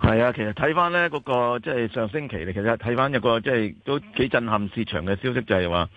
係啊，其實睇翻咧嗰個即係、就是、上星期咧，其實睇翻一個即係、就是、都幾震撼市場嘅消息，就係話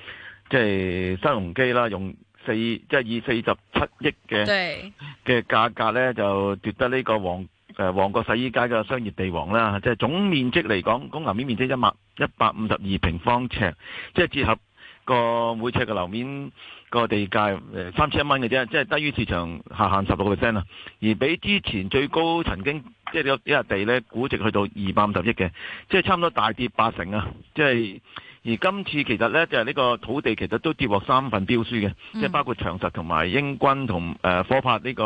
即係新鴻基啦，用四即係、就是、以四十七億嘅嘅價格咧就奪得呢個旺誒旺角洗衣街嘅商業地王啦。即、就、係、是、總面積嚟講，公樓面面積一百一百一百五十二平方尺，即、就、係、是、折合個每尺嘅樓面個地價誒三千一蚊嘅啫，即、就、係、是、低於市場下限十六個 percent 啦。而比之前最高曾經。即係呢個呢笪地咧，估值去到二百五十億嘅，即係差唔多大跌八成啊！即係而今次其實咧，就係、是、呢個土地其實都接獲三份標書嘅、嗯，即係包括長實同埋英軍同誒科帕呢個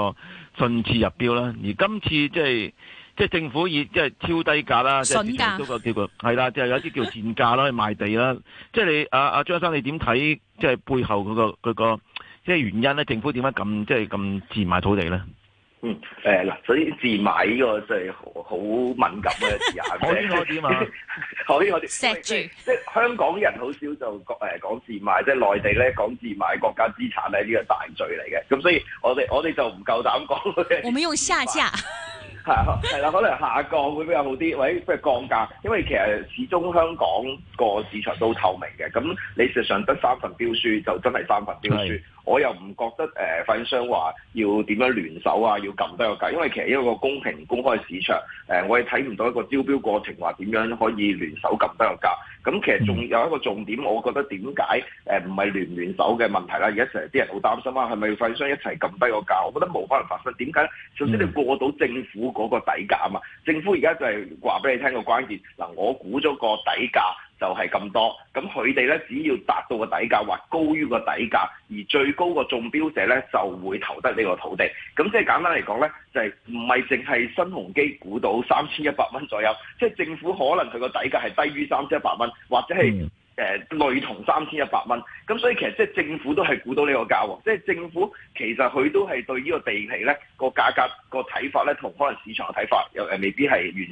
順次入標啦。而今次即係即係政府以即係、就是、超低價啦，價即係叫，就是、叫做叫做係啦，即係有啲叫做賤價去賣地啦。即係你阿阿、啊、張生，你點睇即係背後嗰個即係原因咧？政府點解咁即係咁賤賣土地咧？嗯，誒、呃、嗱，所以自賣呢個真係好敏感嘅字眼嘅。我啲我啲嘛，我啲我啲錫住，即係香港人好少就誒、呃、講自賣，即係內地咧講自賣國家資產咧，呢個大罪嚟嘅。咁所以我哋我哋就唔夠膽講。 我哋用下架下價係係啦，可能下降會比較好啲，或者即係降價，因為其實始終香港個市場都透明嘅。咁你事實上得三份標書，就真係三份標書。我又唔覺得誒，發、呃、展商話要點樣聯手啊，要撳低個價，因為其實一個公平公開市場，誒、呃，我哋睇唔到一個招標過程話點樣可以聯手撳低個價。咁、嗯、其實仲有一個重點，我覺得點解誒唔係聯唔聯手嘅問題啦、啊？而家成日啲人好擔心啊，係咪發展商一齊撳低個價？我覺得冇可能發生。點解？首先你過到政府嗰個底價啊嘛。政府而家就係話俾你聽個關鍵。嗱，我估咗個底價。就係咁多，咁佢哋呢，只要達到個底價或高於個底價，而最高個中標者呢，就會投得呢個土地。咁即係簡單嚟講呢，就係唔係淨係新鴻基估到三千一百蚊左右，即係政府可能佢個底價係低於三千一百蚊，或者係。嗯誒、呃、類同三千一百蚊，咁所以其實即係政府都係估到呢個價喎，即、就、係、是、政府其實佢都係對呢個地皮咧個價格個睇法咧，同可能市場嘅睇法又未必係完全一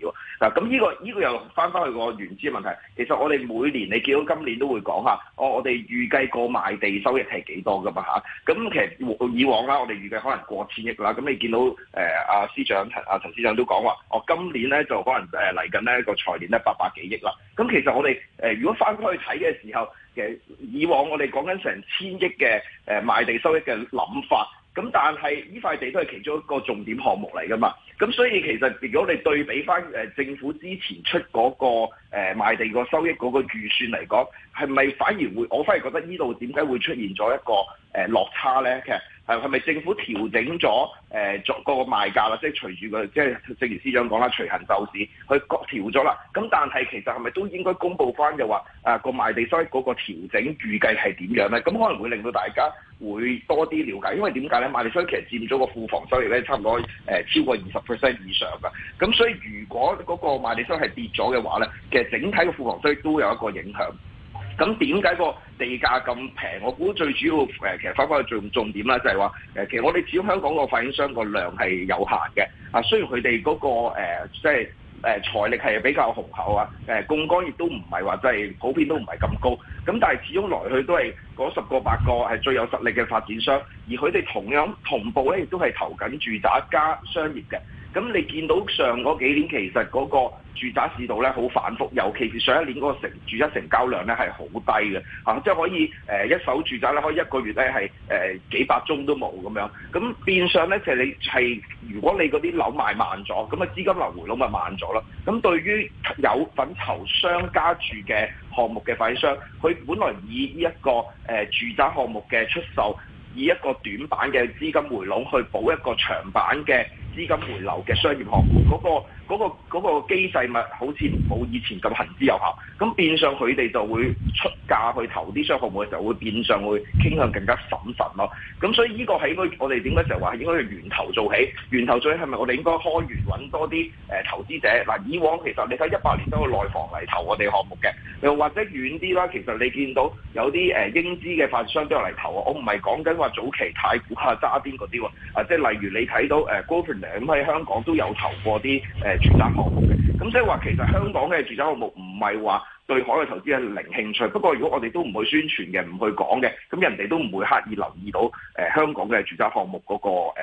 致喎。嗱、這個，咁呢個呢個又翻翻去個原資嘅問題，其實我哋每年你見到今年都會講下，哦、我我哋預計個賣地收益係幾多噶嘛吓，咁其實以往啦，我哋預計可能過千億啦，咁你見到誒阿、呃啊、司長同阿、啊、陳司長都講話，哦今年咧就可能嚟緊、呃、呢個財年咧八百幾億啦。咁其實我哋、呃、如果翻。咁佢睇嘅時候，其實以往我哋講緊成千億嘅誒賣地收益嘅諗法，咁但係呢塊地都係其中一個重點項目嚟噶嘛，咁所以其實如果你對比翻誒政府之前出嗰個。誒賣地個收益嗰個預算嚟講，係咪反而會？我反而覺得呢度點解會出現咗一個誒、呃、落差咧？其實係係咪政府調整咗誒作嗰個賣價啦？即係隨住佢，即係正如司長講啦，隨行就市去調咗啦。咁但係其實係咪都應該公佈翻，嘅話啊個賣地收益嗰個調整預計係點樣咧？咁可能會令到大家會多啲了解，因為點解咧賣地收益其實佔咗個庫房收益咧，差唔多誒超過二十 percent 以上㗎。咁所以如果嗰個賣地收益係跌咗嘅話咧，整體嘅富房需都會有一個影響，咁點解個地價咁平？我估最主要誒，其實翻返去重重點啦，就係話誒，其實我哋始終香港個發展商個量係有限嘅。啊，雖然佢哋嗰個即係誒財力係比較雄厚啊，誒槓桿亦都唔係話即係普遍都唔係咁高。咁但係始終來去都係嗰十個八個係最有實力嘅發展商，而佢哋同樣同步咧，亦都係投緊住宅加商業嘅。咁你見到上嗰幾年其實嗰個住宅市道咧好反覆，尤其是上一年嗰個成住宅成交量咧係好低嘅。即、啊、係、就是、可以、呃、一手住宅咧可以一個月咧係誒幾百宗都冇咁樣。咁變相咧就係、是、你係如果你嗰啲樓賣慢咗，咁啊資金流回籠咪慢咗咯。咁對於有粉籌商家住嘅項目嘅發展商，佢本來以一個、呃、住宅項目嘅出售，以一個短板嘅資金回籠去補一個長板嘅。資金回流嘅商業項目，嗰、嗰個嗰、嗰個嗰個機制咪好似冇以前咁行之有效，咁變相佢哋就會出價去投啲商業項目嘅時候，會變相會傾向更加審慎咯。咁所以呢個喺嗰我哋點解就話係應該去源頭做起，源頭做起，係咪我哋應該開源揾多啲誒、啊、投資者？嗱、啊，以往其實你睇一百年都有內房嚟投我哋項目嘅，又或者遠啲啦，其實你見到有啲誒、啊、英資嘅發展商都有嚟投啊。我唔係講緊話早期太古下渣甸嗰啲喎，啊即係、啊啊、例如你睇到誒、啊咁喺香港都有投過啲誒住宅項目嘅，咁即係話其實香港嘅住宅項目唔係話。對海外投資係零興趣，不過如果我哋都唔去宣傳嘅，唔去講嘅，咁人哋都唔會刻意留意到誒、呃、香港嘅住宅項目嗰、那個誒嗰、呃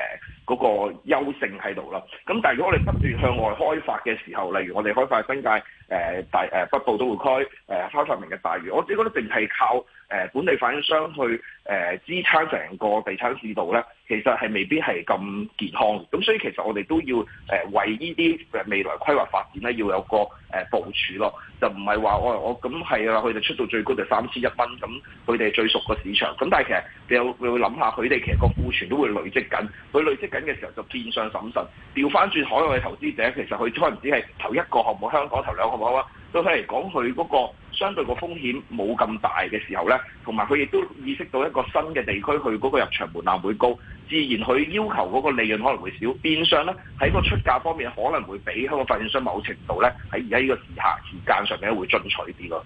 那個優勝喺度咯。咁但係如果我哋不斷向外開發嘅時候，例如我哋開發新界誒、呃、大誒北部都會區誒開發明日大嶼，我自己覺得淨係靠誒、呃、本地發展商去誒、呃、支撐成個地產市道咧，其實係未必係咁健康。咁所以其實我哋都要誒、呃、為呢啲未來規劃發展咧，要有個誒、呃、部署咯，就唔係話我。咁係啊，佢哋出到最高就三千一蚊，咁佢哋最熟嘅市場，咁但係其實你又會諗下，佢哋其實個庫存都會累積緊，佢累積緊嘅時候就變相審慎。調翻轉海外投資者，其實佢可能只係投一個項目，香港投兩個項目啊。對佢嚟講，佢嗰個相對個風險冇咁大嘅時候呢，同埋佢亦都意識到一個新嘅地區，佢嗰個入場門檻會高，自然佢要求嗰個利潤可能會少，變相呢喺個出價方面可能會比香港發展商某程度呢喺而家呢個時下時間上面咧會進取啲咯。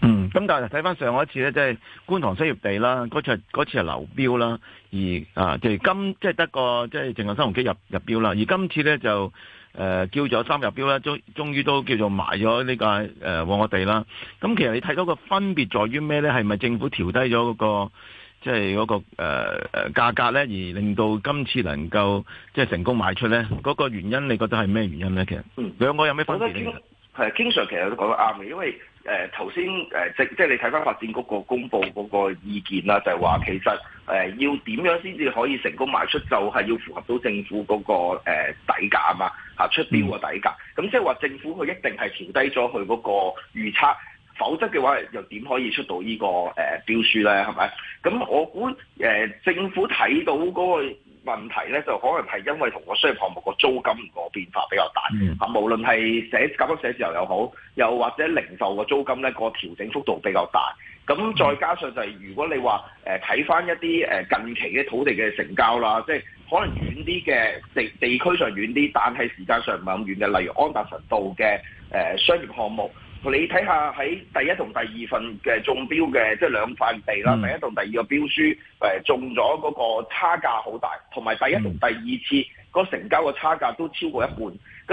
嗯，咁但係睇翻上一次呢，即係觀塘商業地啦，嗰次係嗰次係流標啦，而啊，即係今即係得個即係淨係新鴻基入入標啦，而今次呢就。誒、呃、叫咗三日標啦，終終於都叫做埋咗呢、呢個誒旺、呃、我地啦。咁其實你睇到個分別在於咩咧？係咪政府調低咗嗰、嗰個即係嗰、嗰個誒、呃、價格咧，而令到今次能夠即係成功賣出咧？嗰、嗰個原因你覺得係咩原因咧？其實兩個有咩分別咧？其實。King Sir 其實都講得啱嘅，因為誒頭先誒即即係你睇翻發展局個公佈嗰個意見啦，就係話其實誒要點樣先至可以成功賣出，就係要符合到政府嗰個誒底價嘛嚇出標嘅底價。咁即係話政府佢一定係調低咗佢嗰個預測，否則嘅話又點可以出到呢個誒標書咧？係咪？咁我估誒政府睇到嗰個問題咧就可能係因為同個商業項目個租金個變化比較大。嗯、無論係寫咁寫字樓又好，又或者零售個租金咧，個調整幅度比較大。咁再加上就係、是，如果你話睇翻一啲，呃、近期嘅土地嘅成交啦，即係可能遠啲嘅地地區上遠啲，但係時間上唔係咁遠嘅，例如安達臣道嘅，呃、商業項目。你睇下喺第一同第二份嘅中標嘅，即係兩塊地啦，嗯，第一同第二個標書誒中咗嗰個差價好大，同埋第一同第二次個成交個差價都超過一半，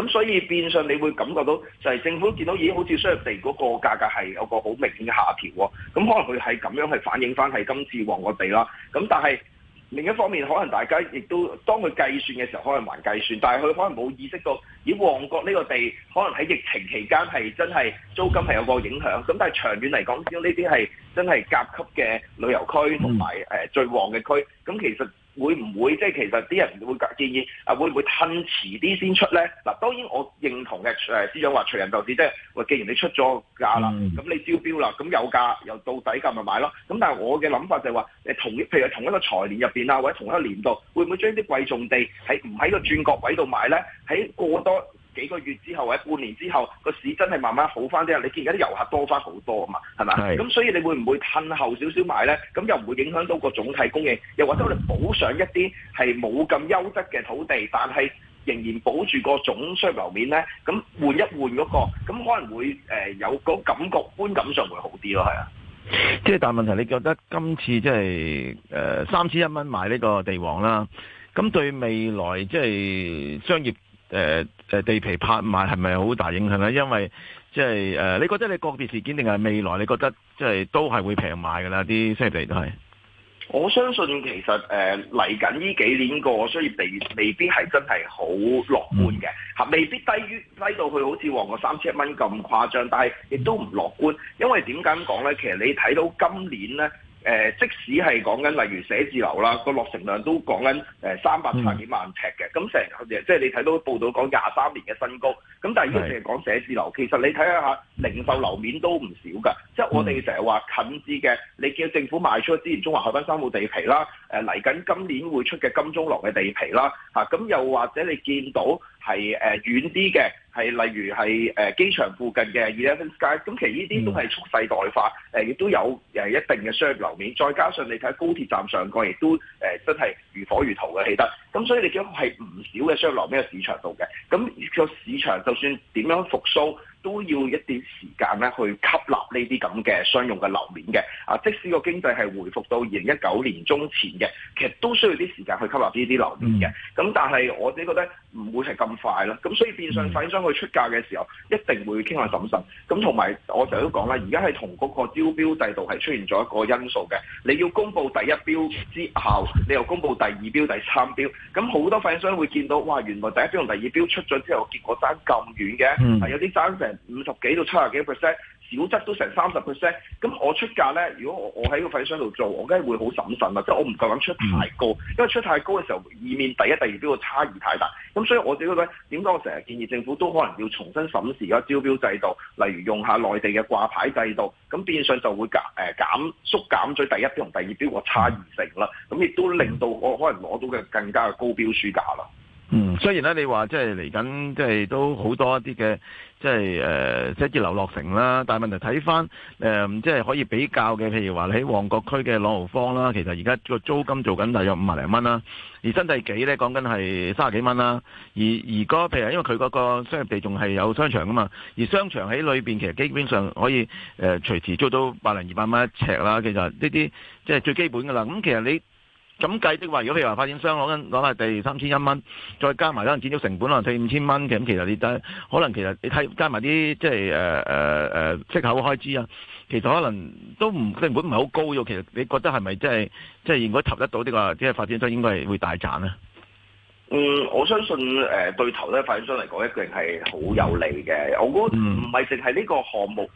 咁所以變相你會感覺到就係政府見到已經好似商業地嗰個價格係有個好明顯嘅下調喎，咁可能佢係咁樣去反映翻係今次旺個地啦，咁但係。另一方面，可能大家亦都當佢計算嘅時候，可能還計算，但係佢可能冇意識到，以旺角呢個地，可能喺疫情期間係真係租金係有個影響。咁但係長遠嚟講，只要呢啲係真係甲級嘅旅遊區同埋誒最旺嘅區，咁其實。會唔會即係其實啲人會建議啊？會唔會褪遲啲先出呢？嗱，當然我認同嘅，誒司長話隨人就指，即係既然你出咗價啦，咁、嗯、你招標啦，咁有價又到底價咪買咯。咁但係我嘅諗法就係話同，譬如同一個財年入面啊，或者同一個年度，會唔會將啲貴重地喺唔喺個轉角位度買呢？喺過多，幾個月之後或者半年之後個市真係慢慢好翻啲啊！你見而家啲遊客多翻好多啊嘛，係咪？咁所以你會唔會褪後少少買咧？咁又唔會影響到個總體供應？又或者我哋補上一啲係冇咁優質嘅土地，但係仍然保住個總商樓面咧？咁換一換嗰、嗰個，咁可能會、呃、有個感覺觀感上會好啲咯，係啊！即係但係問題，你覺得今次即係呃三千一蚊買呢個地王啦，咁對未來即係商業誒誒地皮拍賣係咪好大影響咧？因為即係誒，你覺得你個別事件定係未來？你覺得即係、就是、都係會平買噶啦啲地都係。我相信其實誒嚟緊呢幾年個商業地未必係真係好樂觀嘅，嚇、嗯、未必低於低到去好似旺角三千蚊咁誇張，但係亦都唔樂觀。因為點解咁講咧？其實你睇到今年咧。誒、呃，即使係講緊例如寫字樓啦，個落成量都講緊誒三百零幾萬呎嘅，咁、呃、成、嗯、即係你睇到報道講廿三年嘅新高，咁但係依家成日講寫字樓，其實你睇下零售樓面都唔少㗎，即係我哋成日話近至嘅，你見到政府賣出之前中環海濱三號地皮啦，嚟、呃、緊今年會出嘅金鐘廊嘅地皮啦，咁、啊、又或者你見到。係誒遠啲嘅，係、呃、例如係誒、呃、機場附近嘅 Eleven Skies，咁其實呢啲都係促勢代化，誒、呃、亦都有、呃、一定嘅商業樓面，再加上你睇高鐵站上蓋亦都誒、呃、真係如火如荼嘅起得，咁所以你見係唔少嘅商業樓面喺市場度嘅，咁個市場就算點樣復甦。都要一啲時間咧去吸納呢啲咁嘅商用嘅樓面嘅，啊即使個經濟係回復到二零一九年中前嘅，其實都需要啲時間去吸納呢啲樓面嘅。咁、嗯、但係我自己覺得唔會係咁快咯。咁所以變相發展商佢出價嘅時候一定會傾下審慎。咁同埋我成日都講啦，而家係同嗰個招標制度係出現咗一個因素嘅。你要公佈第一標之後，你又公佈第二標、第三標，咁好多發展商會見到哇，原來第一標同第二標出咗之後，結果爭咁遠嘅，嗯、有啲爭成。五十幾到七十幾 percent，少則都成三十 percent。咁我出價呢，如果我喺個廢商度做，我梗係會好審慎啦，即係我唔夠膽出太高，因為出太高嘅時候，以免第一、第二標嘅差異太大。咁所以我自己覺得，點解我成日建議政府都可能要重新審視個招標制度，例如用下內地嘅掛牌制度，咁變相就會減誒減、呃、縮減咗第一標同第二標個差異性啦。咁亦都令到我可能攞到嘅更加嘅高標書價啦。嗯，雖然咧，你話即係嚟緊，即係都好多一啲嘅，即係誒，即係寫字樓落成啦。但係問題睇翻誒，即係可以比較嘅，譬如話你喺旺角區嘅朗豪坊啦，其實而家個租金做緊大約五萬零蚊啦。而新世紀咧講緊係三十幾蚊啦。而而嗰、那個、譬如因為佢嗰個商業地仲係有商場噶嘛，而商場喺裏面其實基本上可以誒、呃、隨時租到百零二百蚊一尺啦。其實呢啲即係最基本噶啦。咁、嗯、其實你。咁計的話，如果譬如話發展商攞緊攞下地三千一蚊，再加埋可能建造成本可能四五千蚊嘅，咁其實你得可能其實你睇加埋啲即係誒誒誒息口嘅開支啊，其實可能都唔成本唔係好高嘅。其實你覺得係咪、就是、即係即係如果投得到呢話，即係發展商應該係會大賺咧？嗯，我相信誒對投得發展商嚟講一定係好有利嘅。我覺得唔係淨係呢個項目誒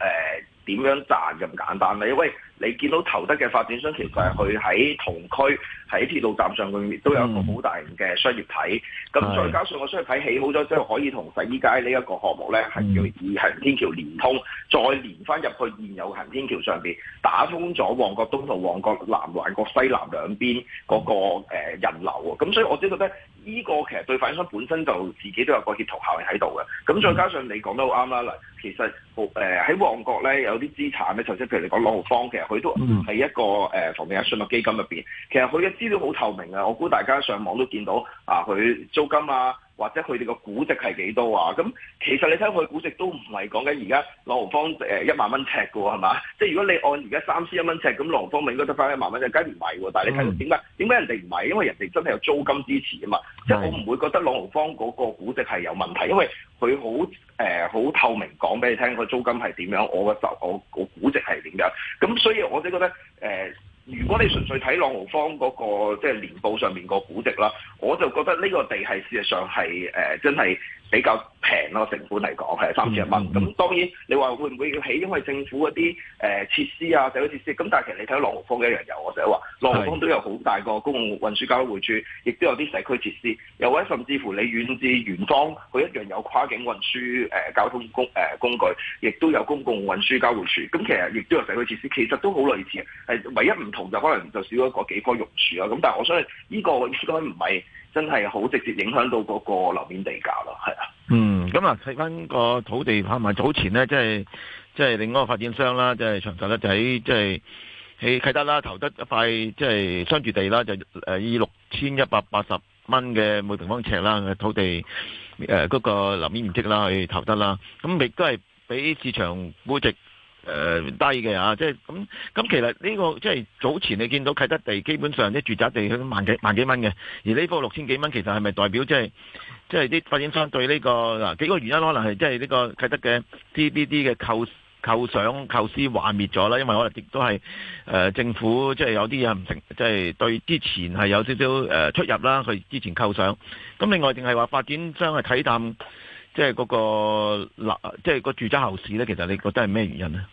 點、呃、樣賺咁簡單啦。因為你見到投得嘅發展商其實佢喺同區。喺鐵路站上邊都有一個好大型嘅商業體，咁、嗯、再加上個商業體起好咗之後，可以同洗衣街呢一個項目呢，係、嗯、要以行天橋連通，再連翻入去現有行天橋上面，打通咗旺角東同旺角南、旺角西南兩邊嗰個人流喎，咁所以我都覺得。呢個其實對發展商本身就自己都有個協同效應喺度嘅，咁再加上你講得好啱啦，嗱，其實誒喺旺角咧有啲資產咧，就算譬如你講朗豪坊，其實佢都係一個誒房地產信託基金入邊，其實佢嘅資料好透明啊，我估大家上網都見到啊，佢租金啊。或者佢哋個估值係幾多少啊？咁其實你睇佢估值都唔係講緊而家朗豪坊誒一萬蚊尺嘅喎，係、呃、嘛？即係如果你按而家三 C 一蚊尺，咁朗豪坊咪應該得翻一萬蚊尺？梗唔係？但係你睇到點解？點解人哋唔係？因為人哋真係有租金支持啊嘛。嗯、即係我唔會覺得朗豪坊嗰個股值係有問題，因為佢好誒好透明講俾你聽、那個租金係點樣，我嘅值我我股值係點樣。咁所以我就覺得誒。呃如果你純粹睇朗豪坊嗰個即係、就是、年報上面個估值啦，我就覺得呢個地係事實上係誒、呃、真係。比較平咯、啊，成本嚟講係三千幾蚊。咁、嗯嗯、當然你話會唔會要起？因為政府嗰啲誒設施啊、社區設施。咁但係其實你睇落紅磡一樣有，我成日話紅磡都有好大個公共運輸交匯處，亦都有啲社區設施。又或者甚至乎你遠至元朗，佢一樣有跨境運輸誒、呃、交通工誒、呃、工具，亦都有公共運輸交匯處。咁其實亦都有社區設施，其實都好類似。係唯一唔同就可能就少咗個幾樖榕樹啊。咁但係我相信呢個應該唔係。真係好直接影響到嗰個樓面地價咯，係啊。嗯，咁啊睇翻個土地拍賣，早前咧即係即係另一個發展商啦，即係長實呢，就喺即係喺啟德啦投得一塊即係商住地啦，就誒以六千一百八十蚊嘅每平方尺啦土地誒嗰、呃嗰個樓面面積啦去投得啦，咁亦都係俾市場估值。誒、呃、低嘅啊，即係咁咁，其實呢、這個即係早前你見到啟德地基本上啲住宅地佢萬幾萬幾蚊嘅，而呢個六千幾蚊其實係咪代表即係即係啲發展商對呢、這個嗱幾個原因可能係即係呢個啟德嘅 CBD 嘅構構想構思幻滅咗啦，因為可能亦都係誒、呃、政府即係有啲嘢唔成，即、就、係、是、對之前係有少少誒、呃、出入啦，佢之前構想咁另外定係話發展商係睇淡。即係嗰、嗰個即係個住宅後市咧。其實你覺得係咩原因咧？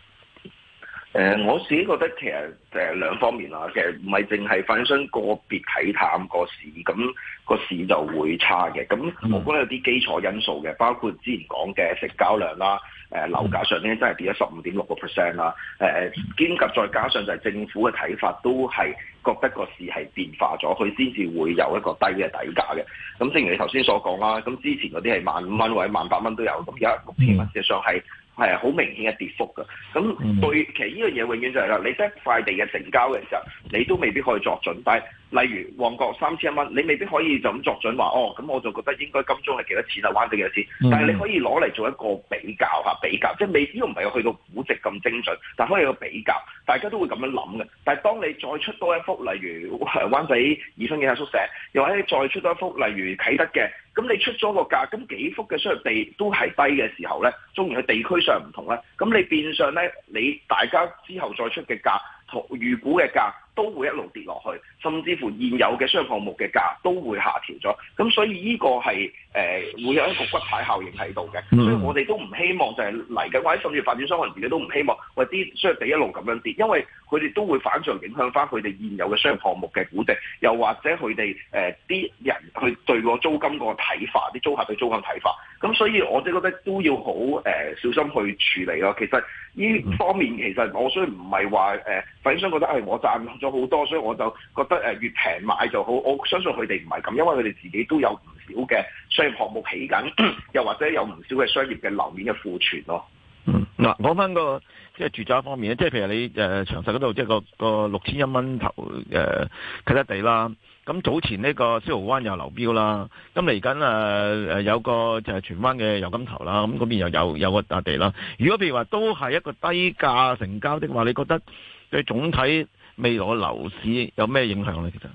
誒、呃、我自己覺得其實誒兩、呃、方面啦，其實唔係淨係反映個別睇淡個市，咁個市就會差嘅。咁我覺得有啲基礎因素嘅，包括之前講嘅成交量啦，誒樓價上呢真係跌咗十五點六個 percent 啦。誒、呃、兼及再加上就係政府嘅睇法都係覺得個市係變化咗，佢先至會有一個低嘅底價嘅。咁正如你頭先所講啦，咁之前嗰啲係萬五蚊或者萬八蚊都有，咁而家六千蚊之上係。係好明顯嘅跌幅㗎。咁對其呢樣嘢，永遠就係、是、啦。你得塊地嘅成交嘅時候，你都未必可以作準，但係。例如旺角三千一蚊，你未必可以就咁作準話哦。咁我就覺得應該金鐘係幾多錢啊？灣仔幾多錢？嗯、但係你可以攞嚟做一個比較嚇比較，即係未必都唔係去到估值咁精準，但係可以有個比較，大家都會咁樣諗嘅。但係當你再出多一幅，例如灣仔怡春嘅下宿舍，又或者再出多一幅，例如啟德嘅，咁你出咗個價，咁幾幅嘅商業地都係低嘅時候咧，中原佢地區上唔同啦。咁你變相咧，你大家之後再出嘅價同預估嘅價。都會一路跌落去，甚至乎現有嘅商業項目嘅價都會下調咗。咁所以呢個係誒、呃、會有一個骨牌效應喺度嘅，所以我哋都唔希望就係嚟緊。或者甚至發展商可能自己都唔希望，話啲商業地一路咁樣跌，因為佢哋都會反常影響翻佢哋現有嘅商業項目嘅估值，又或者佢哋誒啲人去對個租金個睇法，啲租客對租金睇法。咁所以我覺得都要好誒、呃、小心去處理咯。其實呢方面其實我雖然唔係話誒發展商覺得係我賺好多，所以我就覺得誒越平買就好。我相信佢哋唔係咁，因為佢哋自己都有唔少嘅商業項目起緊，又或者有唔少嘅商業嘅樓面嘅庫存咯。嗯，嗱，講翻個即係住宅方面咧，即係譬如你誒長、呃、實嗰度，即係個個六千一蚊頭誒契得地啦。咁早前呢個小蠔灣又流標啦，咁嚟緊誒誒有個就係、是、荃灣嘅油金頭啦。咁嗰邊又有有個笪地啦。如果譬如話都係一個低價成交的話，你覺得對總體未來嘅樓市有咩影響咧？其實，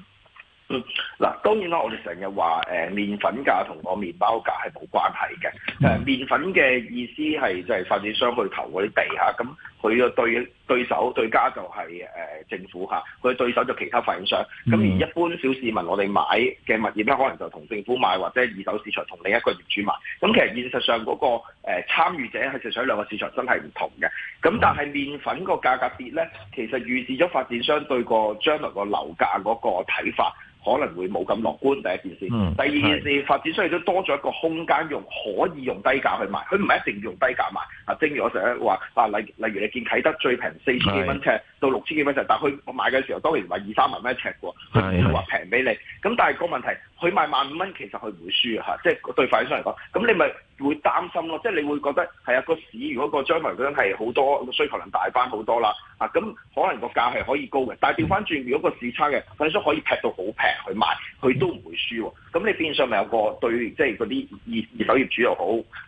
嗯，嗱，當然啦，我哋成日話誒，麵粉價同我麵包價係冇關係嘅。誒、呃、麵粉嘅意思係就係發展商去投嗰啲地嚇，咁佢個對對手對家就係、是、誒、呃、政府嚇，佢對手就是其他發展商。咁、嗯、而一般小市民我哋買嘅物業咧，可能就同政府買或者二手市場同另一個業主買。咁其實現實上嗰、那個誒參與者係實際上兩個市場真係唔同嘅。咁但係麵粉個價格跌咧，其實預示咗發展商對個將來的樓價個樓價嗰個睇法可能會冇咁樂觀。第一件事、嗯，第二件事，發展商亦都多咗一個空間用可以用。用低價去賣，佢唔係一定要用低價賣。啊，正如我成日話，啊，例例如你見啟德最平四千幾蚊尺。到六千幾蚊尺，但佢我買嘅時候當然買二三萬蚊一尺喎，就話平俾你。咁但係個問題，佢賣萬五蚊，其實佢唔會輸嘅嚇，即係對發展商嚟講。咁你咪會擔心咯，即係你會覺得係啊個市如果個將來嗰陣係好多需求量大翻好多啦啊，咁可能個價係可以高嘅。但係調翻轉如果個市差嘅，發展商可以劈到好平去賣，佢都唔會輸。咁你變相咪有個對即係嗰啲二手業主又好，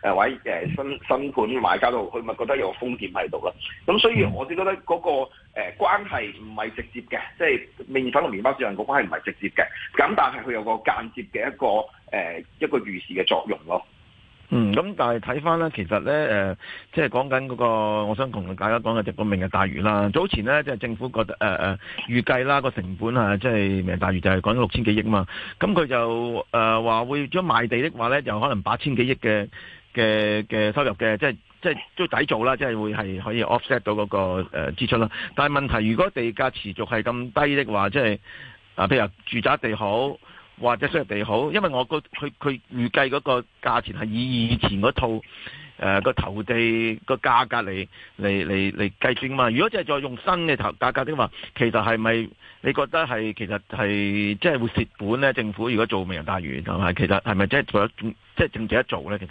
誒或者誒新新盤買家度，佢咪覺得有風險喺度啦。咁所以我只覺得嗰個，呃關係唔係不是直接嘅，即係麵粉同麵包市場個關係唔係直接嘅，咁但係佢有個間接嘅一個誒、呃、一個預示嘅作用咯。嗯，咁但係睇返咧，其實咧誒、呃，即係講緊嗰個，我想同大家講嘅就係個明日大嶼啦。早前咧，即、就、係、是、政府覺得誒誒、呃呃、預計啦個成本啊，即係明日大嶼就係講六千幾億嘛。咁佢就誒話、呃、會如果賣地的話咧，就可能八千幾億嘅嘅嘅收入嘅，即係。即係都抵做啦，即係會係可以 offset 到嗰個支出啦。但係問題，如果地價持續係咁低的話，即係啊，譬如住宅地好或者商業地好，因為我估佢佢預計嗰個價錢係以以前嗰套個、呃、投地個價格嚟嚟嚟嚟計算嘛。如果即係再用新嘅投價格的話，其實係咪你覺得係其實係即係會蝕本咧？政府如果做人大遠係咪？其實係咪即係做一即係政治一做咧？其實？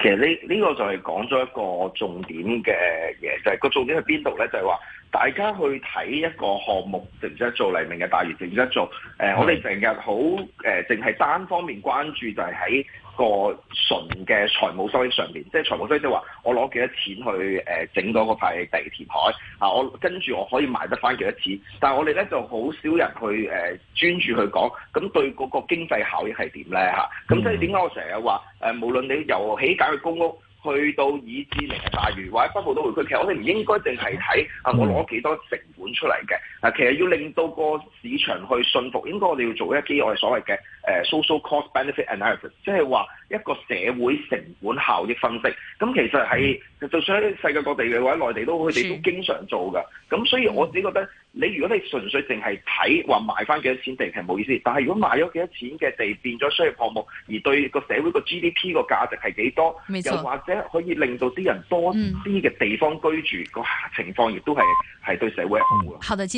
其實呢呢、這個就係講咗一個重點嘅嘢，就係、是、個重點喺邊度咧？就係、是、話大家去睇一個項目，值唔值得做黎明嘅大業值唔值得做？誒、呃，我哋成日好誒，淨、呃、係單方面關注就係喺。個純嘅財務收益上面，即係財務收益即係話，我攞幾多錢去誒、呃、整嗰個塊地填海啊，我跟住我可以賣得翻幾多錢，但係我哋咧就好少人去誒專、呃、注去講，咁對嗰個經濟效益係點咧嚇？咁所以點解我成日話誒，無論你由起樓去公屋。去到以至明日大嶼或者北部都會區，其實我哋唔應該淨係睇啊，我攞幾多少成本出嚟嘅啊，其實要令到個市場去信服，應該我哋要做一啲我哋所謂嘅誒、呃、social cost benefit analysis，即係話一個社會成本效益分析。咁其實係就算喺世界各地嘅或者內地都佢哋都經常做㗎。咁所以我自己覺得。你如果你純粹淨係睇話賣翻幾多錢地係冇意思，但係如果賣咗幾多錢嘅地變咗商業項目，而對個社會個 GDP 個價值係幾多，又或者可以令到啲人多啲嘅地方居住個、嗯、情況，亦都係係對社會好好。